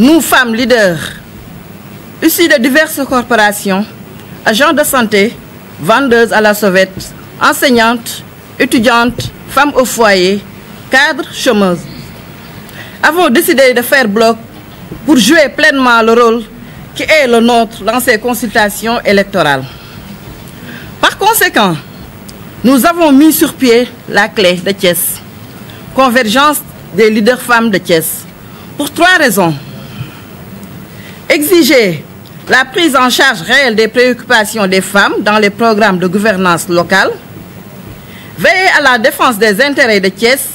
Nous, femmes leaders, issues de diverses corporations, agents de santé, vendeuses à la sauvette, enseignantes, étudiantes, femmes au foyer, cadres, chômeuses, avons décidé de faire bloc pour jouer pleinement le rôle qui est le nôtre dans ces consultations électorales. Par conséquent, nous avons mis sur pied la clé de Thiès, convergence des leaders femmes de Thiès, pour trois raisons. Exiger la prise en charge réelle des préoccupations des femmes dans les programmes de gouvernance locale. Veiller à la défense des intérêts de Thiès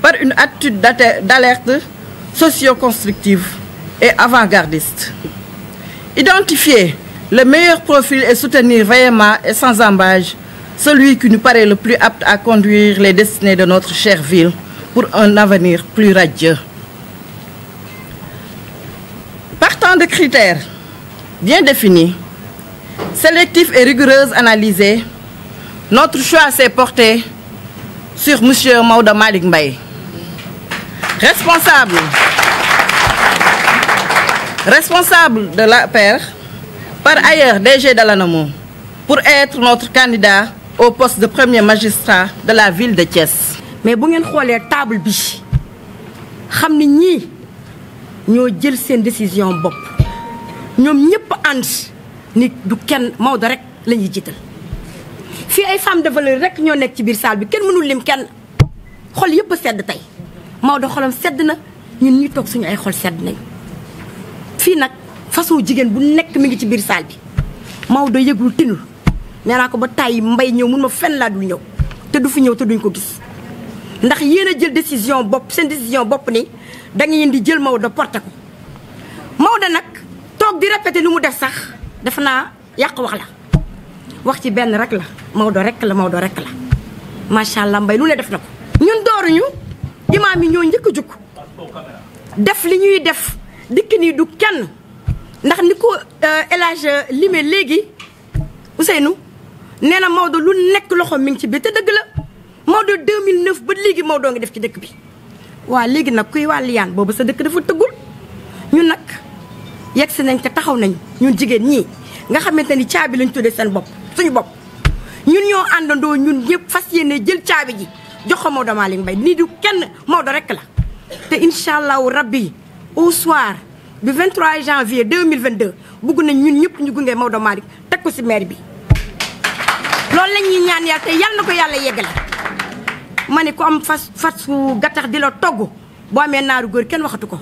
par une attitude d'alerte socio-constructive et avant-gardiste. Identifier le meilleur profil et soutenir vraiment et sans embâge celui qui nous paraît le plus apte à conduire les destinées de notre chère ville pour un avenir plus radieux. critères bien définis, sélectifs et rigoureux analysés, notre choix s'est porté sur M. Mauda Malik Mbaye. Responsable, responsable de la paire, par ailleurs DG d'Alanamo, pour être notre candidat au poste de premier magistrat de la ville de Thiès. Mais si vous la table, vous savez que nous avons pris décision. ñoom ñëpp ànd nit du kenn Maodo rek la ñuy jiital fii ay femme de valeur rek ñoo nekk ci biir saal bi kenn mënul lim kenn xol yëpp sedd tey Maodo xolam sedd na ñun ñuy toog suñu ay xol sedd nañu. fii nag façon jigéen bu nekk mu ngi ci biir saal bi Maodo yëgul tinul nee naa ko ba tàyyi mbay ñëw mun ma fenn laa dul ñëw te du fi ñëw te duñ ko gis ndax yéen jël décision bopp seen décision bopp ni da ngeen di jël Maodo porté ko Maodo nag. di répété lu mu def sax dafa naa yàq wax la wax ci benn rek la Maodo rek la Maodo rek la macha allah mbay lu ne def na ko. ñun dooruñu imaam yi ñoo njëkk a jug def li ñuy def dikk nii du kenn ndax ni ko euh, lime léegi Limé léegi Ousseynou nee na Maodo lu nekk loxo mi ngi ci biir te dëgg la Maodo 2009 ba léegi Maodo ngi def ci dëkk bi. waa léegi nag kuy wàll yaan boobu sa dëkk dafa tëggul ñu nag. yegg si nañ te taxaw nañ ñun jigéen ñii nga xamante ni caabi lañ tuddee seen bopp suñu bopp ñun ñoo àndandoo ñun ñëpp fas yéene jël caabi ji jox ko Maodo Malick Mbaye nii du kenn Maodo rek la te incha allahu rabbi au soir du 23 janvier 2022 bugg nañ ñun ñëpp ñu gunge Maodo teg ko si maire bi loolu lañ ñuy ñaan yàlla te yàlla na ko yàlla yeggale ma ne ko am fas fas gattax di la togg boo amee naaru góor kenn waxatu ko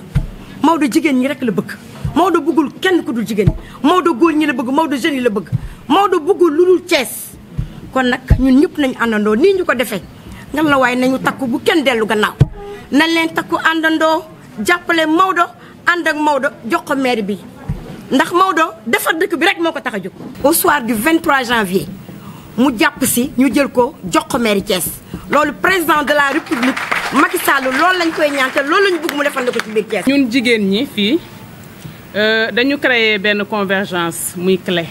Maodo jigéen ñi rekk la bëgg Maodo bugul kenn ku dul jigéen ñi goor góor ñi la bëgg Maodo jeunes yi la bëgg Maodo bugul lu ties kon nak ñun ñëpp nañ andando ni ñu ko défé ngan la way nañu takku bu kenn dellu gannaaw nañ leen takku andando jàppale Maodo and ak Maodo jox ko maire bi ndax Maodo defar dëkk bi rek moko taxa juk au soir du 23 janvier mu japp si ñu jël ko jox ko maire ties loolu président de la république Macky Sall loolu lañ koy ñaan té loolu lañ bëgg mu defal ko ci biir ties ñun jigéen ñi euh, dañu créer une convergence muy clé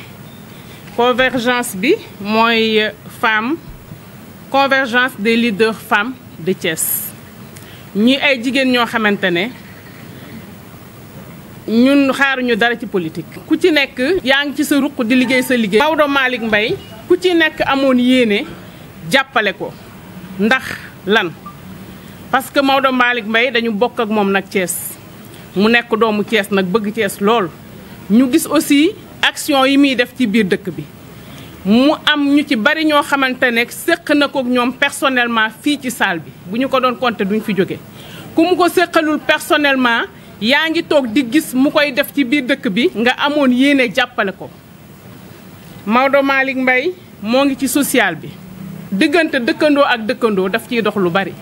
convergence bi moy femme convergence des leaders femmes de Thiès ñi ay jigen ño xamantene ñun xaru ñu dara ci politique. ku ci nek yaa ngi ci sa ruq di liggéey sa liggéey. Maodo malik Mbaye ku ci nek amone yéene jàppale ko ndax lan parce que mawdo malik Mbaye dañu bokk ak mom nak Thiès. mu nekk doomu Thiès nag bëgg Thiès lool ñu gis aussi action yi muy def ci biir dëkk bi mu am ñu ci bari ñoo xamante ne séq na ko ñoom personnellement fii ci saal bi bu ñu ko doon compter duñ fi jóge ku mu ko séqalul personnellement yaa ngi toog di gis mu koy def ci biir dëkk bi nga amoon yéene jàppale ko Maodo Malick mbay moo ngi ci social bi diggante dëkkandoo ak dëkkandoo daf ciy dox lu bari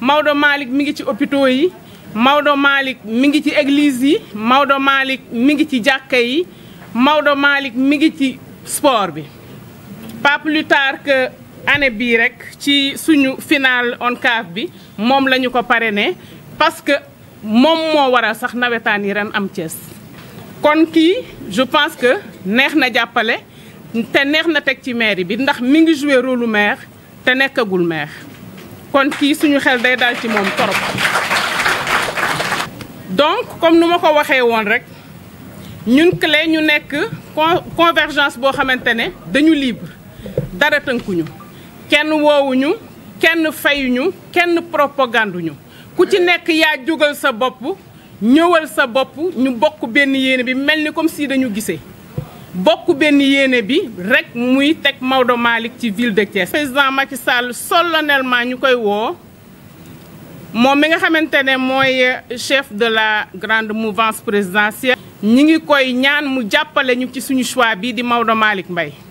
Maodo Malick mi ngi ci hôpitaux yi Maodo Malick mi ngi ci église yi Maodo Malick mi ngi ci jàkka yi Maodo Malick mi ngi ci sport bi pas plus tard que année bii rek ci suñu final ONCAV bi moom la ñu ko parrainé parce que moom moo waral sax nawetaan yi ren am Thiès kon kii je pense que neex na jàppale te neex na teg ci maire bi ndax mi ngi joué rôle lu maire te nekkagul meex kon kii suñu xel day dal ci moom torop Donk, kom nou man kon wakay wan rek, nyoun kle, nyoun nek konverjans bo khamen tene, denyou libre, dareten kou nyou. Ken nou wou nyou, ken nou feyou nyou, ken nou propagandou nyou. Kouti nek ya djougel sa bopou, nyou el sa bopou, nyou bokoube niye nebi, men nyou kom si denyou gise. Bokoube niye nebi, rek moui tek mawdo malik ti vil de kyes. Prezident Matisal solonelman nyou koy wou, moom mi nga xamante ne mooy chef de la grande mouvance présidentielle ñi ngi koy ñaan mu jàppale ñu ci suñu choix bii di Maodo Malick mbay